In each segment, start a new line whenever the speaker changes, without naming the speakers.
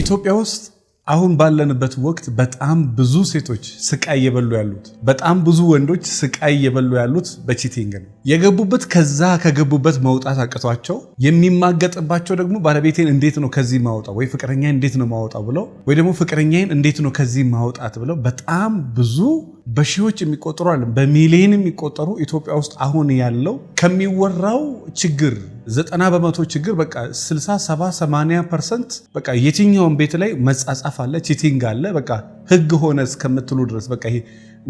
ኢትዮጵያ ውስጥ አሁን ባለንበት ወቅት በጣም ብዙ ሴቶች ስቃይ እየበሉ ያሉት፣ በጣም ብዙ ወንዶች ስቃይ እየበሉ ያሉት በቺቲንግ ነው። የገቡበት ከዛ ከገቡበት መውጣት አቅቷቸው የሚማገጥባቸው ደግሞ ባለቤቴን እንዴት ነው ከዚህ ማውጣው ወይ ፍቅረኛን እንዴት ነው ማውጣው ብለው ወይ ደግሞ ፍቅረኛን እንዴት ነው ከዚህ ማውጣት ብለው በጣም ብዙ በሺዎች የሚቆጠሩ አለ በሚሊየን የሚቆጠሩ ኢትዮጵያ ውስጥ አሁን ያለው ከሚወራው ችግር ዘጠና በመቶ ችግር በቃ 60 70 80 ፐርሰንት በቃ የትኛውን ቤት ላይ መጻጻፍ አለ፣ ቺቲንግ አለ፣ በቃ ህግ ሆነ እስከምትሉ ድረስ በቃ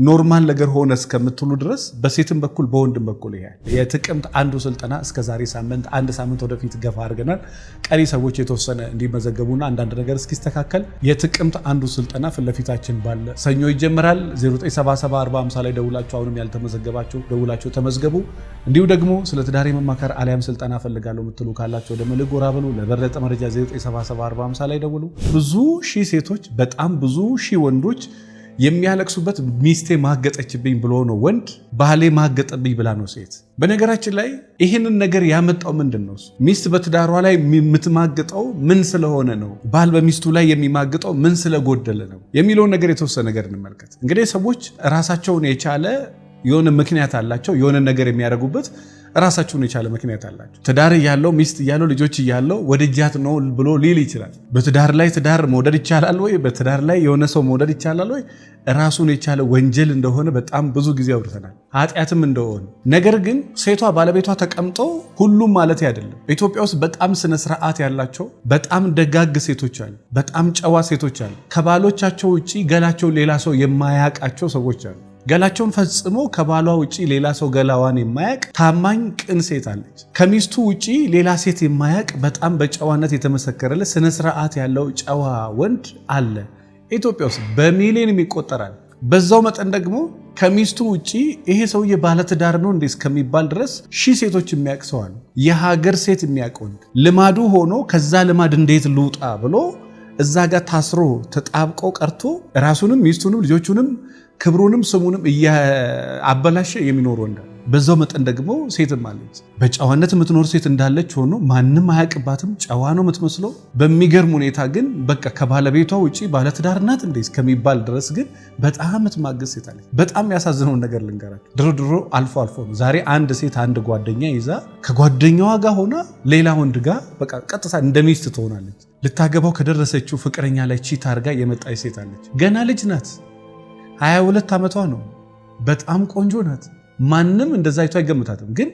ኖርማል ነገር ሆነ እስከምትሉ ድረስ በሴትም በኩል በወንድም በኩል ይሄ የጥቅምት አንዱ ስልጠና እስከዛሬ ሳምንት አንድ ሳምንት ወደፊት ገፋ አድርገናል። ቀሪ ሰዎች የተወሰነ እንዲመዘገቡና አንዳንድ ነገር እስኪስተካከል የጥቅምት አንዱ ስልጠና ፊትለፊታችን ባለ ሰኞ ይጀምራል። 97745 ላይ ደውላችሁ አሁንም ያልተመዘገባችሁ ደውላችሁ ተመዝገቡ። እንዲሁ ደግሞ ስለ ትዳሬ መማከር አሊያም ስልጠና ፈልጋለሁ የምትሉ ካላቸው ወደ መልሕቅ ጎራ በሉ። ለበለጠ መረጃ 97745 ላይ ደውሉ። ብዙ ሺህ ሴቶች በጣም ብዙ ሺህ ወንዶች የሚያለቅሱበት ሚስቴ ማገጠችብኝ ብሎ ነው ወንድ፣ ባህሌ ማገጠብኝ ብላ ነው ሴት። በነገራችን ላይ ይህንን ነገር ያመጣው ምንድን ነው? ሚስት በትዳሯ ላይ የምትማግጠው ምን ስለሆነ ነው? ባል በሚስቱ ላይ የሚማግጠው ምን ስለጎደለ ነው? የሚለውን ነገር የተወሰነ ነገር እንመልከት። እንግዲህ ሰዎች ራሳቸውን የቻለ የሆነ ምክንያት አላቸው የሆነ ነገር የሚያደርጉበት ራሳችሁን የቻለ ምክንያት አላችሁ። ትዳር እያለው ሚስት እያለው ልጆች እያለው ወደጃት ነው ብሎ ሊል ይችላል። በትዳር ላይ ትዳር መውደድ ይቻላል ወይ? በትዳር ላይ የሆነ ሰው መውደድ ይቻላል ወይ? ራሱን የቻለ ወንጀል እንደሆነ በጣም ብዙ ጊዜ አውርተናል። ኃጢአትም እንደሆነ ነገር ግን ሴቷ ባለቤቷ ተቀምጦ ሁሉም ማለት አይደለም። ኢትዮጵያ ውስጥ በጣም ስነ ስርዓት ያላቸው በጣም ደጋግ ሴቶች አሉ። በጣም ጨዋ ሴቶች አሉ። ከባሎቻቸው ውጭ ገላቸው ሌላ ሰው የማያውቃቸው ሰዎች አሉ። ገላቸውን ፈጽሞ ከባሏ ውጪ ሌላ ሰው ገላዋን የማያቅ ታማኝ ቅን ሴት አለች። ከሚስቱ ውጪ ሌላ ሴት የማያቅ በጣም በጨዋነት የተመሰከረለ ስነ ስርዓት ያለው ጨዋ ወንድ አለ ኢትዮጵያ ውስጥ በሚሊዮን ይቆጠራል። በዛው መጠን ደግሞ ከሚስቱ ውጪ ይሄ ሰውዬ ባለትዳር ነው እንዴ እስከሚባል ድረስ ሺህ ሴቶች የሚያቅ ሰው አለ። የሀገር ሴት የሚያውቅ ወንድ ልማዱ ሆኖ ከዛ ልማድ እንዴት ልውጣ ብሎ እዛ ጋር ታስሮ ተጣብቆ ቀርቶ ራሱንም ሚስቱንም ልጆቹንም ክብሩንም ስሙንም እያበላሸ የሚኖር ወንድ በዛው መጠን ደግሞ ሴትም አለች። በጨዋነት የምትኖር ሴት እንዳለች ሆኖ ማንም አያውቅባትም። ጨዋ ነው የምትመስለው። በሚገርም ሁኔታ ግን በቃ ከባለቤቷ ውጭ ባለትዳር ናት እንዴ እስከሚባል ድረስ ግን በጣም የምትማግዝ ሴት አለች። በጣም ያሳዝነውን ነገር ልንገራቸው። ድሮ ድሮ አልፎ አልፎ ነው። ዛሬ አንድ ሴት አንድ ጓደኛ ይዛ ከጓደኛዋ ጋር ሆና ሌላ ወንድ ጋር በቃ ቀጥታ እንደ ሚስት ትሆናለች። ልታገባው ከደረሰችው ፍቅረኛ ላይ ቺት አድርጋ የመጣች ሴት አለች። ገና ልጅ ናት። 22 ዓመቷ ነው። በጣም ቆንጆ ናት። ማንም እንደዛ አይቶ አይገምታትም። ግን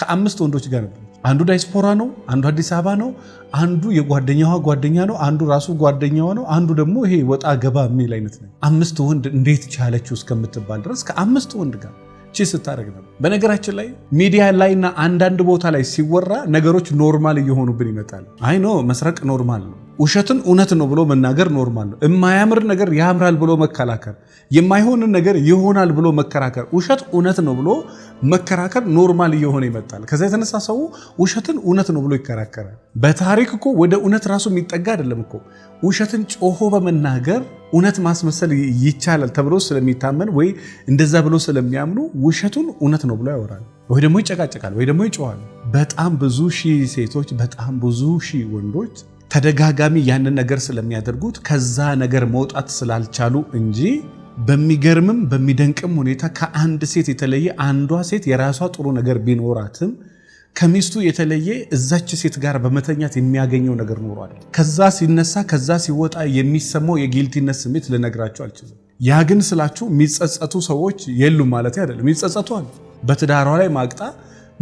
ከአምስት ወንዶች ጋር ነበር። አንዱ ዳይስፖራ ነው፣ አንዱ አዲስ አበባ ነው፣ አንዱ የጓደኛዋ ጓደኛ ነው፣ አንዱ ራሱ ጓደኛዋ ነው፣ አንዱ ደግሞ ይሄ ወጣ ገባ የሚል አይነት ነው። አምስት ወንድ እንዴት ቻለችው እስከምትባል ድረስ ከአምስት ወንድ ጋር ቺ ስታደረግ ነበር። በነገራችን ላይ ሚዲያ ላይና አንዳንድ ቦታ ላይ ሲወራ ነገሮች ኖርማል እየሆኑብን ይመጣል። አይ ኖ መስረቅ ኖርማል ነው ውሸትን እውነት ነው ብሎ መናገር ኖርማል ነው። የማያምር ነገር ያምራል ብሎ መከላከል፣ የማይሆንን ነገር ይሆናል ብሎ መከራከር፣ ውሸት እውነት ነው ብሎ መከራከር ኖርማል እየሆነ ይመጣል። ከዛ የተነሳ ሰው ውሸትን እውነት ነው ብሎ ይከራከራል። በታሪክ እኮ ወደ እውነት ራሱ የሚጠጋ አይደለም እኮ ውሸትን ጮሆ በመናገር እውነት ማስመሰል ይቻላል ተብሎ ስለሚታመን ወይ እንደዛ ብሎ ስለሚያምኑ ውሸቱን እውነት ነው ብሎ ያወራል፣ ወይ ደግሞ ይጨቃጨቃል፣ ወይ ደግሞ ይጮዋል። በጣም ብዙ ሺህ ሴቶች፣ በጣም ብዙ ሺህ ወንዶች ተደጋጋሚ ያንን ነገር ስለሚያደርጉት ከዛ ነገር መውጣት ስላልቻሉ እንጂ በሚገርምም በሚደንቅም ሁኔታ ከአንድ ሴት የተለየ አንዷ ሴት የራሷ ጥሩ ነገር ቢኖራትም ከሚስቱ የተለየ እዛች ሴት ጋር በመተኛት የሚያገኘው ነገር ኖሯል። ከዛ ሲነሳ ከዛ ሲወጣ የሚሰማው የጊልቲነት ስሜት ልነግራቸው አልችልም። ያ ግን ስላችሁ የሚጸጸቱ ሰዎች የሉም ማለት አይደለም። ይጸጸቷል። በትዳሯ ላይ ማቅጣ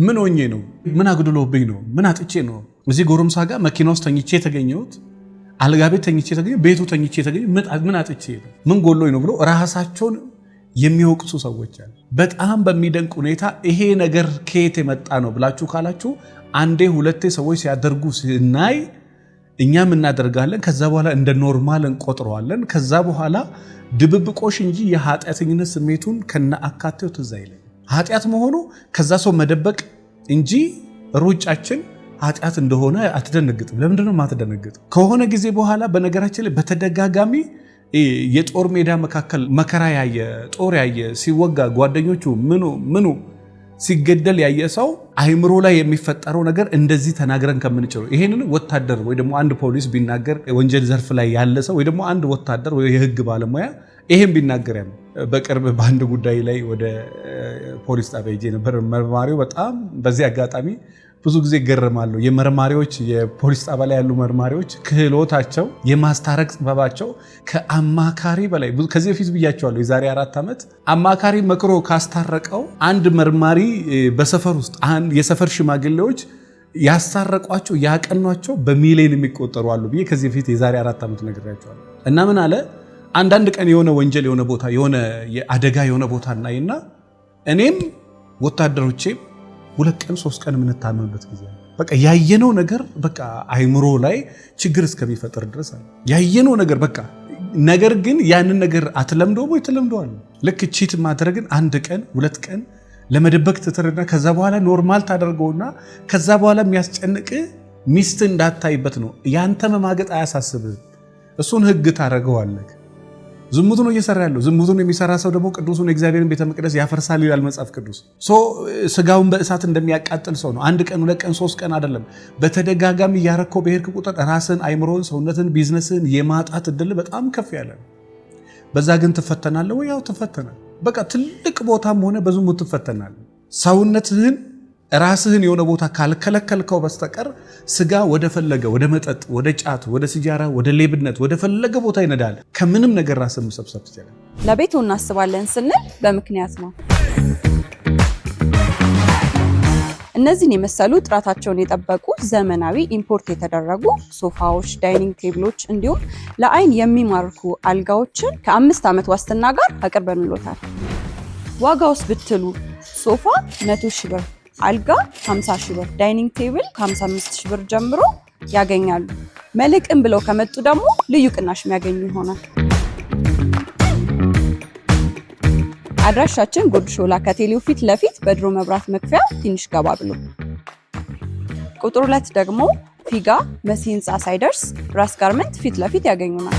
ምን ሆኜ ነው? ምን አግድሎብኝ ነው? ምን አጥቼ ነው እዚህ ጎረምሳ ጋር መኪና ውስጥ ተኝቼ የተገኘሁት አልጋ ቤት ተኝቼ የተገኘ ቤቱ ተኝቼ የተገኘ ምን አጥቼ ምን ጎሎኝ ነው ብሎ ራሳቸውን የሚወቅሱ ሰዎች አሉ። በጣም በሚደንቅ ሁኔታ ይሄ ነገር ከየት የመጣ ነው ብላችሁ ካላችሁ አንዴ ሁለቴ ሰዎች ሲያደርጉ ስናይ እኛም እናደርጋለን። ከዛ በኋላ እንደ ኖርማል እንቆጥረዋለን። ከዛ በኋላ ድብብቆሽ እንጂ የኃጢአተኝነት ስሜቱን ከነ አካቴው ትዝ አይለኝ። ኃጢአት መሆኑ ከዛ ሰው መደበቅ እንጂ ሩጫችን ኃጢአት እንደሆነ አትደነግጥም። ለምንድነው የማትደነግጠው? ከሆነ ጊዜ በኋላ በነገራችን ላይ በተደጋጋሚ የጦር ሜዳ መካከል መከራ ያየ ጦር ያየ ሲወጋ ጓደኞቹ ምኑ ምኑ ሲገደል ያየ ሰው አይምሮ ላይ የሚፈጠረው ነገር እንደዚህ ተናግረን ከምንጭሩ ይሄንን ወታደር ወይ ደግሞ አንድ ፖሊስ ቢናገር ወንጀል ዘርፍ ላይ ያለ ሰው ወይ ደግሞ አንድ ወታደር ወይ የህግ ባለሙያ ይሄን ቢናገር ያለ በቅርብ በአንድ ጉዳይ ላይ ወደ ፖሊስ ጣቢያ ሄጄ ነበር። መርማሪው በጣም በዚህ አጋጣሚ ብዙ ጊዜ እገረማለሁ። የመርማሪዎች የፖሊስ ጣባ ላይ ያሉ መርማሪዎች ክህሎታቸው፣ የማስታረቅ ጥበባቸው ከአማካሪ በላይ ከዚህ በፊት ብያቸዋለሁ። የዛሬ አራት ዓመት አማካሪ መክሮ ካስታረቀው አንድ መርማሪ በሰፈር ውስጥ የሰፈር ሽማግሌዎች ያሳረቋቸው ያቀኗቸው በሚሊዮን የሚቆጠሩ አሉ ብዬ ከዚህ በፊት የዛሬ አራት ዓመት ነግሬያቸዋለሁ። እና ምን አለ አንዳንድ ቀን የሆነ ወንጀል የሆነ ቦታ የሆነ አደጋ የሆነ ቦታ እናይና እኔም ወታደሮቼም ሁለት ቀን ሶስት ቀን የምንታመምበት ጊዜ በቃ ያየነው ነገር በቃ አይምሮ ላይ ችግር እስከሚፈጥር ድረስ አለ ያየነው ነገር በቃ ነገር ግን ያንን ነገር አትለምደውም ወይ ትለምደዋለህ ልክ ቺት ማድረግን አንድ ቀን ሁለት ቀን ለመደበቅ ትትርና ከዛ በኋላ ኖርማል ታደርገውና ከዛ በኋላ የሚያስጨንቅ ሚስት እንዳታይበት ነው ያንተ መማገጥ አያሳስብህ እሱን ህግ ታደርገዋለህ ዝሙት ነው እየሰራ ያለው። ዝሙቱን የሚሰራ ሰው ደግሞ ቅዱሱን የእግዚአብሔርን ቤተ መቅደስ ያፈርሳል ይላል መጽሐፍ ቅዱስ። ስጋውን በእሳት እንደሚያቃጥል ሰው ነው። አንድ ቀን፣ ሁለት ቀን፣ ሶስት ቀን አይደለም። በተደጋጋሚ እያረከው በሄድክ ቁጥር ራስን፣ አይምሮን፣ ሰውነትን፣ ቢዝነስን የማጣት እድል በጣም ከፍ ያለ ነው። በዛ ግን ትፈተናለህ ወይ? ያው ትፈተናል። በቃ ትልቅ ቦታም ሆነ በዝሙት ትፈተናል። ሰውነትህን ራስህን የሆነ ቦታ ካልከለከልከው በስተቀር ስጋ ወደፈለገ ወደ መጠጥ፣ ወደ ጫት፣ ወደ ሲጃራ፣ ወደ ሌብነት፣ ወደፈለገ ቦታ ይነዳል። ከምንም ነገር ራስህን መሰብሰብ ትችላል።
ለቤቱ እናስባለን ስንል በምክንያት ነው። እነዚህን የመሰሉ ጥራታቸውን የጠበቁ ዘመናዊ ኢምፖርት የተደረጉ ሶፋዎች፣ ዳይኒንግ ቴብሎች እንዲሁም ለአይን የሚማርኩ አልጋዎችን ከአምስት ዓመት ዋስትና ጋር አቅርበንሎታል። ውስጥ ብትሉ ሶፋ መቶ ሺህ ብር አልጋ 50 ሺህ ብር፣ ዳይኒንግ ቴብል ከ55 ሺህ ብር ጀምሮ ያገኛሉ። መልሕቅን ብለው ከመጡ ደግሞ ልዩ ቅናሽ የሚያገኙ ይሆናል። አድራሻችን ጉርድ ሾላ ከቴሌው ፊት ለፊት በድሮ መብራት መክፈያ ትንሽ ገባ ብሎ፣ ቁጥር ሁለት ደግሞ ፊጋ መሲ ህንፃ ሳይደርስ ራስ ጋርመንት ፊት ለፊት ያገኙናል።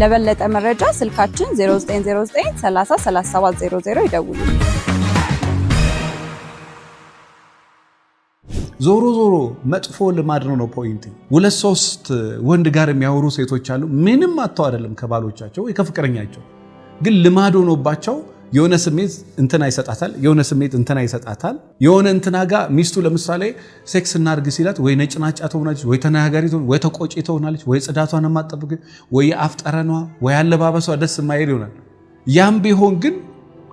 ለበለጠ መረጃ ስልካችን 0909 30 00 ይደውሉ።
ዞሮ ዞሮ መጥፎ ልማድ ነው ነው ፖይንት። ሁለት ሶስት ወንድ ጋር የሚያወሩ ሴቶች አሉ። ምንም አተው አይደለም ከባሎቻቸው ወይ ከፍቅረኛቸው፣ ግን ልማድ ሆኖባቸው የሆነ ስሜት እንትና ይሰጣታል፣ የሆነ ስሜት እንትና ይሰጣታል። የሆነ እንትና ጋ ሚስቱ ለምሳሌ ሴክስ እናድርግ ሲላት ወይ ነጭናጫ ትሆናለች፣ ወይ ተናጋሪ ትሆናለች፣ ወይ ተቆጪ ትሆናለች፣ ወይ ጽዳቷን የማጠብቅ፣ ወይ አፍጠረኗ ወይ አለባበሷ ደስ የማይል ይሆናል። ያም ቢሆን ግን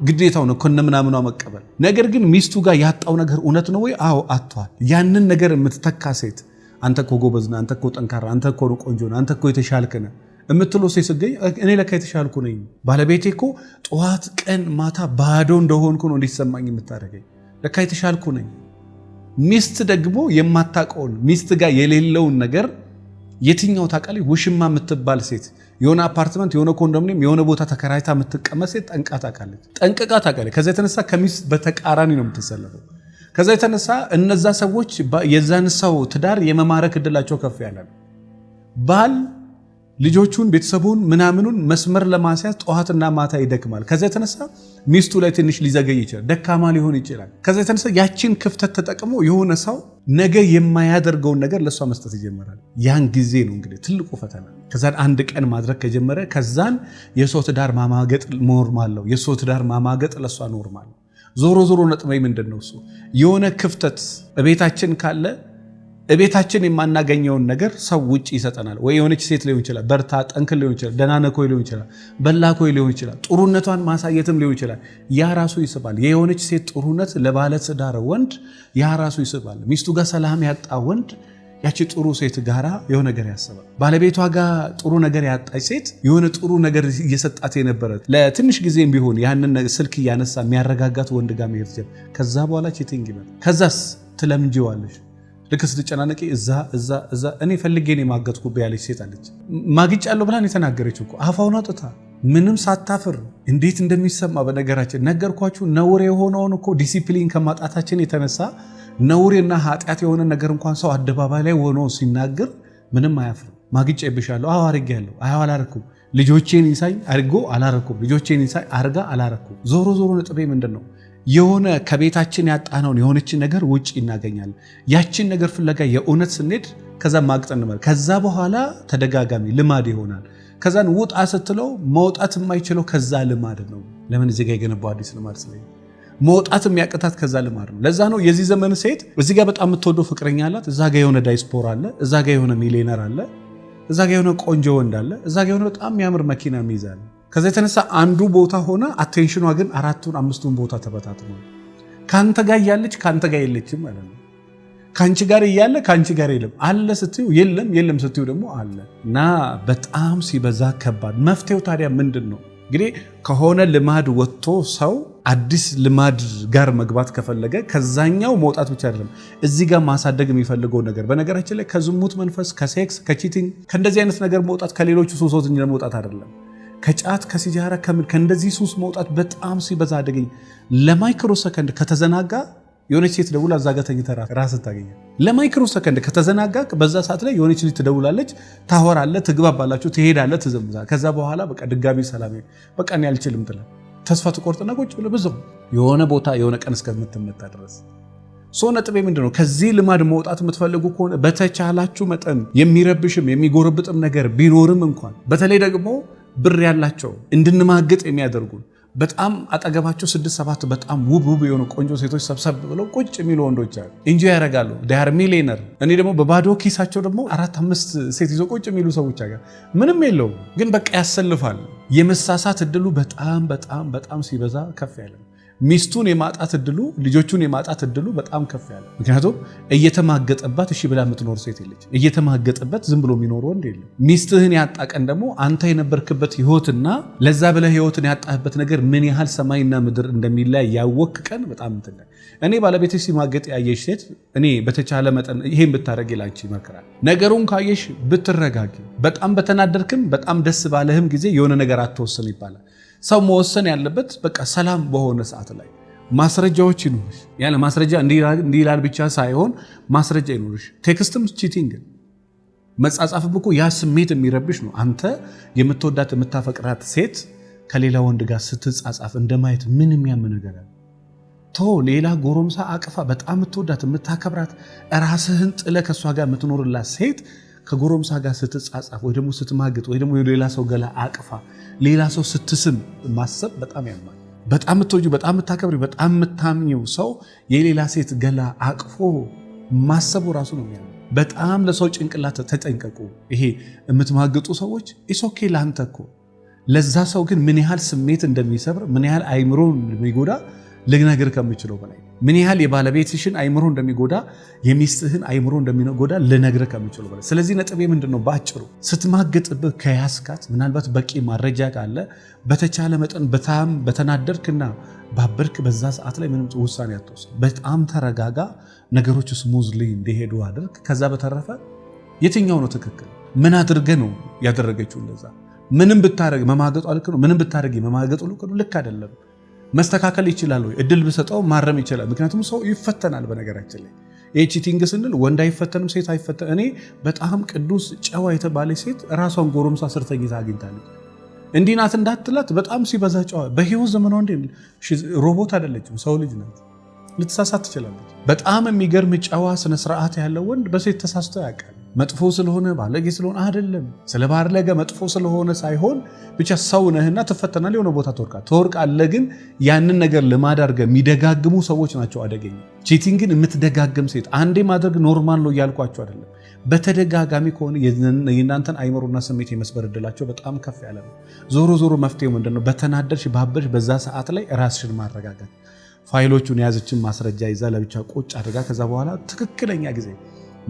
ግዴታው ነው ከነ ምናምኗ መቀበል። ነገር ግን ሚስቱ ጋር ያጣው ነገር እውነት ነው ወይ? አዎ አጥቷል። ያንን ነገር የምትተካ ሴት አንተ እኮ ጎበዝ ነህ፣ አንተ እኮ ጠንካራ፣ አንተ እኮ ቆንጆ ነህ፣ አንተ እኮ የተሻልክ ነህ የምትለው ሴት እኔ ለካ የተሻልኩ ነኝ፣ ባለቤቴ እኮ ጠዋት፣ ቀን፣ ማታ ባዶ እንደሆንኩ ነው እንዲሰማኝ የምታደርገኝ፣ ለካ የተሻልኩ ነኝ። ሚስት ደግሞ የማታውቀውን ሚስት ጋር የሌለውን ነገር የትኛው ታውቃለች? ውሽማ የምትባል ሴት የሆነ አፓርትመንት የሆነ ኮንዶሚኒየም የሆነ ቦታ ተከራይታ የምትቀመጥ ሴት ጠንቅቃ ታውቃለች፣ ጠንቅቃ ታውቃለች። ከዛ የተነሳ ከሚስት በተቃራኒ ነው የምትሰለፈው። ከዛ የተነሳ እነዛ ሰዎች የዛን ሰው ትዳር የመማረክ እድላቸው ከፍ ያለ ነው። ባል ልጆቹን ቤተሰቡን ምናምኑን መስመር ለማስያዝ ጠዋትና ማታ ይደክማል። ከዚ የተነሳ ሚስቱ ላይ ትንሽ ሊዘገይ ይችላል፣ ደካማ ሊሆን ይችላል። ከዚ የተነሳ ያችን ክፍተት ተጠቅሞ የሆነ ሰው ነገ የማያደርገውን ነገር ለእሷ መስጠት ይጀምራል። ያን ጊዜ ነው እንግዲህ ትልቁ ፈተና። ከዛን አንድ ቀን ማድረግ ከጀመረ ከዛን የሰው ትዳር ማማገጥ ኖርማል ነው። የሰው ትዳር ማማገጥ ለእሷ ኖርማል ነው። ዞሮ ዞሮ ነጥቤ ምንድን ነው? እሱ የሆነ ክፍተት በቤታችን ካለ እቤታችን የማናገኘውን ነገር ሰው ውጭ ይሰጠናል። ወይ የሆነች ሴት ሊሆን ይችላል፣ በርታ ጠንክ ሊሆን ይችላል፣ ደናነኮ ሊሆን ይችላል፣ በላኮ ሊሆን ይችላል፣ ጥሩነቷን ማሳየትም ሊሆን ይችላል። ያ ራሱ ይስባል። የሆነች ሴት ጥሩነት ለባለትዳር ወንድ ያ ራሱ ይስባል። ሚስቱ ጋር ሰላም ያጣ ወንድ ያቺ ጥሩ ሴት ጋራ የሆነ ነገር ያስባል። ባለቤቷ ጋር ጥሩ ነገር ያጣች ሴት የሆነ ጥሩ ነገር እየሰጣት የነበረ ለትንሽ ጊዜም ቢሆን ያንን ስልክ እያነሳ የሚያረጋጋት ወንድ ጋር መሄድ ከዛ በኋላ ቼቲንግ ይመጣል። ከዛስ ትለምጅዋለሽ ልክ ስትጨናነቂ እዛ እዛ እዛ እኔ ፈልጌ ነው የማገጥኩብህ ያለች ሴት አለች። ማግጭ ያለው ብላን የተናገረች እኮ አፋውን አውጥታ ምንም ሳታፍር እንዴት እንደሚሰማ በነገራችን ነገርኳችሁ። ነውር የሆነውን እኮ ዲሲፕሊን ከማጣታችን የተነሳ ነውሬና ኃጢአት የሆነ ነገር እንኳን ሰው አደባባይ ላይ ሆኖ ሲናገር ምንም አያፍርም። ማግጫ ይብሻለሁ። አዎ አድርጌያለሁ። አዎ አላረኩም። ልጆቼን ይሳይ አድርጎ አላረኩም። ልጆቼን ይሳይ አርጋ አላረኩም። ዞሮ ዞሮ ነጥቤ ምንድን ነው? የሆነ ከቤታችን ያጣነውን የሆነችን ነገር ውጭ እናገኛለን። ያችን ነገር ፍለጋ የእውነት ስንሄድ ከዛ ማቅጠን ማለት ከዛ በኋላ ተደጋጋሚ ልማድ ይሆናል። ከዛን ውጣ ስትለው መውጣት የማይችለው ከዛ ልማድ ነው። ለምን እዚህ የገነባው አዲስ ልማድ ስለ መውጣት የሚያቅታት ከዛ ልማድ ነው። ለዛ ነው የዚህ ዘመን ሴት እዚ ጋ በጣም የምትወደው ፍቅረኛ አላት፣ እዛ ጋ የሆነ ዳይስፖራ አለ፣ እዛ ጋ የሆነ ሚሊነር አለ፣ እዛ ጋ የሆነ ቆንጆ ወንድ አለ፣ እዛ ጋ የሆነ በጣም የሚያምር መኪና ሚይዛል ከዛ የተነሳ አንዱ ቦታ ሆነ አቴንሽኗ ግን አራቱን አምስቱን ቦታ ተበታትኗል። ከአንተ ጋር እያለች ከአንተ ጋር የለችም ማለት ነው። ከአንቺ ጋር እያለ ከአንቺ ጋር የለም አለ ስትዩ የለም፣ የለም ስትዩ ደግሞ አለ እና በጣም ሲበዛ ከባድ። መፍትሄው ታዲያ ምንድን ነው? እንግዲህ ከሆነ ልማድ ወጥቶ ሰው አዲስ ልማድ ጋር መግባት ከፈለገ ከዛኛው መውጣት ብቻ አይደለም፣ እዚህ ጋር ማሳደግ የሚፈልገው ነገር። በነገራችን ላይ ከዝሙት መንፈስ፣ ከሴክስ፣ ከቺቲንግ ከእንደዚህ አይነት ነገር መውጣት ከሌሎቹ ሱሶች መውጣት አይደለም ከጫት ከሲጃራ ከምን ከእንደዚህ ሱስ መውጣት በጣም ሲበዛ አደገኝ። ለማይክሮ ሰከንድ ከተዘናጋ የሆነች ሴት ደውላ እዛ ጋ ተኝተህ ራስህን ታገኛለህ። ለማይክሮ ሰከንድ ከተዘናጋ በዛ ሰዓት ላይ የሆነች ልጅ ትደውላለች፣ ታወራለህ፣ ትግባባላችሁ፣ ትሄዳለ፣ ትዘምዛ። ከዛ በኋላ በቃ ድጋሚ ሰላም በቃ እኔ አልችልም ትላለህ። ተስፋ ትቆርጥና ቁጭ ብለ ብዙ የሆነ ቦታ የሆነ ቀን እስከምትመጣ ድረስ ሶ ነጥቤ ምንድን ነው? ከዚህ ልማድ መውጣት የምትፈልጉ ከሆነ በተቻላችሁ መጠን የሚረብሽም የሚጎረብጥም ነገር ቢኖርም እንኳን በተለይ ደግሞ ብር ያላቸው እንድንማግጥ የሚያደርጉን በጣም አጠገባቸው ስድስት ሰባት በጣም ውብ ውብ የሆኑ ቆንጆ ሴቶች ሰብሰብ ብለው ቁጭ የሚሉ ወንዶች አሉ። እንጆ ያደርጋሉ ዳር ሚሊነር። እኔ ደግሞ በባዶ ኪሳቸው ደግሞ አራት አምስት ሴት ይዞ ቁጭ የሚሉ ሰዎች አገር ምንም የለው፣ ግን በቃ ያሰልፋል። የመሳሳት እድሉ በጣም በጣም በጣም ሲበዛ ከፍ ያለ ሚስቱን የማጣት እድሉ ልጆቹን የማጣት እድሉ በጣም ከፍ ያለ። ምክንያቱም እየተማገጠባት እሺ ብላ የምትኖር ሴት የለች። እየተማገጠበት ዝም ብሎ የሚኖር ወንድ የለም። ሚስትህን ያጣ ቀን ደግሞ አንተ የነበርክበት ህይወትና ለዛ ብለህ ህይወትን ያጣህበት ነገር ምን ያህል ሰማይና ምድር እንደሚለያይ ያወክ ቀን በጣም እንትን እኔ ባለቤት ሲማገጥ ያየሽ ሴት እኔ በተቻለ መጠን ይሄን ብታደረግ ላንቺ ይመክራል። ነገሩን ካየሽ ብትረጋጊ፣ በጣም በተናደርክም በጣም ደስ ባለህም ጊዜ የሆነ ነገር አትወስን ይባላል። ሰው መወሰን ያለበት በቃ ሰላም በሆነ ሰዓት ላይ ማስረጃዎች ይኖርሽ። ያለ ማስረጃ እንዲህ ይላል ብቻ ሳይሆን ማስረጃ ይኖርሽ። ቴክስትም ቺቲንግ መጻጻፍ እኮ ያ ስሜት የሚረብሽ ነው። አንተ የምትወዳት የምታፈቅራት ሴት ከሌላ ወንድ ጋር ስትጻጻፍ እንደማየት ምን የሚያም ነገር አለ? ቶ ሌላ ጎረምሳ አቅፋ በጣም የምትወዳት የምታከብራት ራስህን ጥለ ከእሷ ጋር የምትኖርላት ሴት ከጎረምሳ ጋር ስትጻጻፍ ወይ ደግሞ ስትማግጥ ወይ ደግሞ ሌላ ሰው ገላ አቅፋ ሌላ ሰው ስትስም ማሰብ በጣም ያማል። በጣም የምትወጂው በጣም የምታከብሪው በጣም የምታምኚው ሰው የሌላ ሴት ገላ አቅፎ ማሰቡ ራሱ ነው የሚያ በጣም ለሰው ጭንቅላት ተጠንቀቁ። ይሄ የምትማግጡ ሰዎች ኢሶኬ ለአንተ እኮ ለዛ ሰው ግን ምን ያህል ስሜት እንደሚሰብር ምን ያህል አይምሮ እንደሚጎዳ ልነግር ከምችለው በላይ ምን ያህል የባለቤትሽን አይምሮ እንደሚጎዳ የሚስትህን አይምሮ እንደሚጎዳ ልነግር ከምችለው በላይ። ስለዚህ ነጥቤ ምንድን ነው? በአጭሩ ስትማግጥብህ ከያስካት ምናልባት በቂ ማረጃ ካለ በተቻለ መጠን በጣም በተናደርክና ባበርክ በዛ ሰዓት ላይ ምንም ውሳኔ አትወስን። በጣም ተረጋጋ። ነገሮች ስሙዝሊ እንዲሄዱ አድርግ። ከዛ በተረፈ የትኛው ነው ትክክል? ምን አድርገ ነው ያደረገችው እንደዛ? ምንም ብታደረግ መማገጡ ልክ ነው። ምንም ብታደረግ መማገጡ ልክ አይደለም። መስተካከል ይችላል ወይ? እድል ብሰጠው ማረም ይችላል። ምክንያቱም ሰው ይፈተናል። በነገራችን ላይ ቺቲንግ ስንል ወንድ አይፈተንም፣ ሴት አይፈተን። እኔ በጣም ቅዱስ ጨዋ የተባለ ሴት ራሷን ጎረምሳ ስርተኝታ አግኝታለች። እንዲህ ናት እንዳትላት በጣም ሲበዛ ጨዋ በህይወት ዘመኗ ሮቦት አይደለችም፣ ሰው ልጅ ናት። ልትሳሳት ትችላለች። በጣም የሚገርም ጨዋ ስነስርዓት ያለው ወንድ በሴት ተሳስቶ ያውቃል። መጥፎ ስለሆነ ባለጌ ስለሆነ አይደለም። ስለ መጥፎ ስለሆነ ሳይሆን ብቻ ሰው ነህና ትፈተናል፣ የሆነ ቦታ ትወርቃል ትወርቃለህ። ግን ያንን ነገር ልማድ የሚደጋግሙ ሰዎች ናቸው አደገኛ። ቺቲንግን የምትደጋግም ሴት አንዴ ማድረግ ኖርማል ነው እያልኳቸው አይደለም። በተደጋጋሚ ከሆነ የእናንተን አይምሮና ስሜት የመስበር እድላቸው በጣም ከፍ ያለ ነው። ዞሮ ዞሮ መፍትሄው ምንድነው? በተናደድሽ በዛ ሰዓት ላይ ራስሽን ማረጋጋት ፋይሎቹን የያዘችን ማስረጃ ይዛ ለብቻ ቁጭ አድርጋ ከዛ በኋላ ትክክለኛ ጊዜ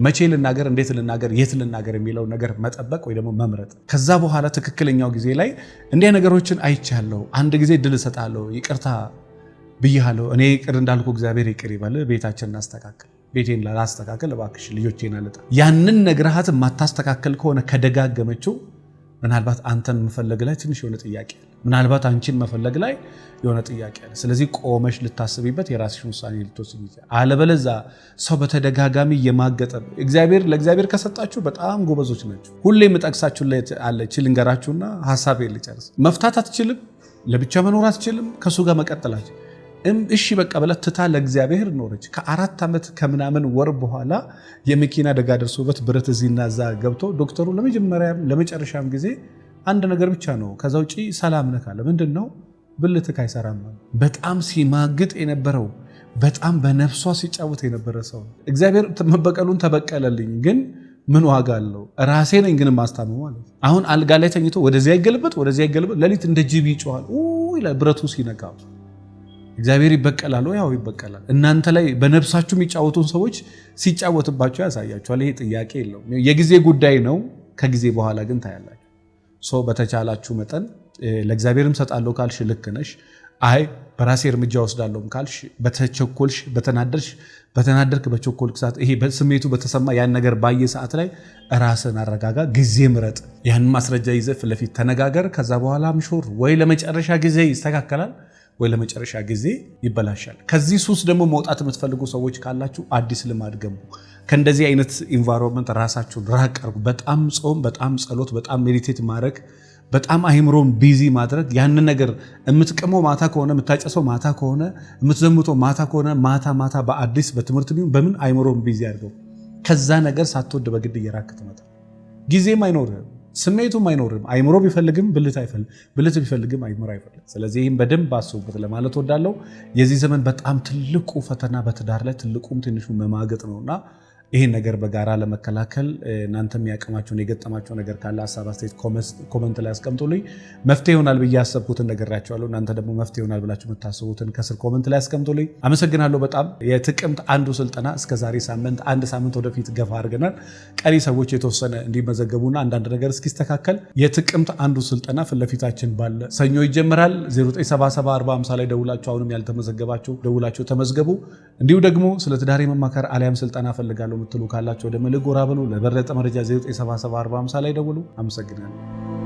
መቼ ልናገር፣ እንዴት ልናገር፣ የት ልናገር የሚለው ነገር መጠበቅ ወይ ደግሞ መምረጥ። ከዛ በኋላ ትክክለኛው ጊዜ ላይ እንዲህ ነገሮችን አይቻለሁ፣ አንድ ጊዜ ድል እሰጣለሁ፣ ይቅርታ ብያለሁ፣ እኔ ይቅር እንዳልኩ እግዚአብሔር ይቅር ይበል፣ ቤታችን እናስተካክል ቤቴን ላስተካከል እባክሽ ልጆቼን አልጣ። ያንን ነግረሃት የማታስተካከል ከሆነ ከደጋገመችው ምናልባት አንተን መፈለግ ላይ ትንሽ የሆነ ጥያቄ አለ። ምናልባት አንቺን መፈለግ ላይ የሆነ ጥያቄ አለ። ስለዚህ ቆመሽ ልታስብበት የራስሽን ውሳኔ ልትወስድ ይችላል። አለበለዛ ሰው በተደጋጋሚ እየማገጠ እግዚአብሔር ለእግዚአብሔር ከሰጣችሁ በጣም ጎበዞች ናቸው። ሁሌ የምጠቅሳችሁ ላይ አለ ችል እንገራችሁና ልጨርስ። መፍታት አትችልም፣ ለብቻ መኖር አትችልም፣ ከእሱ ጋር መቀጠላችሁ እሺ በቃ ብላ ትታ ለእግዚአብሔር ኖረች። ከአራት ዓመት ከምናምን ወር በኋላ የመኪና አደጋ ደርሶበት ብረት እዚህና እዛ ገብቶ ዶክተሩ ለመጀመሪያም ለመጨረሻም ጊዜ አንድ ነገር ብቻ ነው፣ ከዛ ውጪ ሰላም ነህ ምንድን ነው ብልትክ አይሰራም። በጣም ሲማግጥ የነበረው በጣም በነፍሷ ሲጫወት የነበረ ሰው እግዚአብሔር መበቀሉን ተበቀለልኝ ግን ምን ዋጋ አለው? ራሴ ነኝ ግን ማስታመ ማለት አሁን አልጋ ላይ ተኝቶ ወደዚያ ይገልበት ወደዚያ ይገልበት፣ ሌሊት እንደ ጅብ ይጮሃል ይላል ብረቱ ሲነቃ እግዚአብሔር ይበቀላል። ያው ይበቀላል። እናንተ ላይ በነፍሳችሁ የሚጫወቱን ሰዎች ሲጫወትባቸው ያሳያችኋል። ይሄ ጥያቄ የለውም፣ የጊዜ ጉዳይ ነው። ከጊዜ በኋላ ግን ታያላችሁ። ሰው በተቻላችሁ መጠን ለእግዚአብሔርም ሰጣለሁ ካልሽ ልክ ነሽ። አይ በራሴ እርምጃ ወስዳለሁም ካልሽ በተቸኮልሽ፣ በተናደርሽ፣ በተናደርክ በቸኮልክ ሰዓት ይሄ ስሜቱ በተሰማ ያን ነገር ባየ ሰዓት ላይ ራስን አረጋጋ፣ ጊዜ ምረጥ፣ ያን ማስረጃ ይዘህ ፊት ለፊት ተነጋገር። ከዛ በኋላ ምሾር ወይ ለመጨረሻ ጊዜ ይስተካከላል ወይ ለመጨረሻ ጊዜ ይበላሻል። ከዚህ ሱስ ደግሞ መውጣት የምትፈልጉ ሰዎች ካላችሁ አዲስ ልማድ ገቡ። ከእንደዚህ አይነት ኢንቫይሮንመንት ራሳችሁን ራቅ በጣም ጾም፣ በጣም ጸሎት፣ በጣም ሜዲቴት ማድረግ፣ በጣም አይምሮን ቢዚ ማድረግ ያንን ነገር የምትቅመው ማታ ከሆነ የምታጨሰው ማታ ከሆነ የምትዘምተው ማታ ከሆነ ማታ ማታ በአዲስ በትምህርት ቢሆን በምን አይምሮን ቢዚ አድርገው። ከዛ ነገር ሳትወድ በግድ እየራክ ትመጣ ጊዜም አይኖርህም። ስሜቱም አይኖርም። አይምሮ ቢፈልግም ብልት አይፈልግም፣ ብልት ቢፈልግም አይምሮ አይፈልግም። ስለዚህ ይህም በደንብ አስቡበት ለማለት ወዳለው የዚህ ዘመን በጣም ትልቁ ፈተና በትዳር ላይ ትልቁም ትንሹ መማገጥ ነውና ይህን ነገር በጋራ ለመከላከል እናንተም ያቅማቸውን የገጠማቸው ነገር ካለ ሀሳብ፣ አስተያየት ኮመንት ላይ አስቀምጡልኝ። መፍትሄ ይሆናል ብዬ ያሰብኩትን ነገራቸዋለሁ። እናንተ ደግሞ መፍትሄ ይሆናል ብላችሁ የምታስቡትን ከስር ኮመንት ላይ አስቀምጡልኝ። አመሰግናለሁ በጣም የጥቅምት አንዱ ስልጠና እስከ ዛሬ ሳምንት አንድ ሳምንት ወደፊት ገፋ አድርገናል። ቀሪ ሰዎች የተወሰነ እንዲመዘገቡና አንዳንድ ነገር እስኪስተካከል የጥቅምት አንዱ ስልጠና ፊት ባለ ሰኞ ይጀምራል። 0974 ላይ ደውላችሁ አሁንም ያልተመዘገባችሁ ደውላችሁ ተመዝገቡ። እንዲሁ ደግሞ ስለ ትዳሬ መማከር አሊያም ስልጠና ፈልጋለሁ የምትሉ ካላቸው ወደ መልሕቅ ጎራ በሉ። ለበለጠ መረጃ 97745 ላይ ደውሉ። አመሰግናለሁ።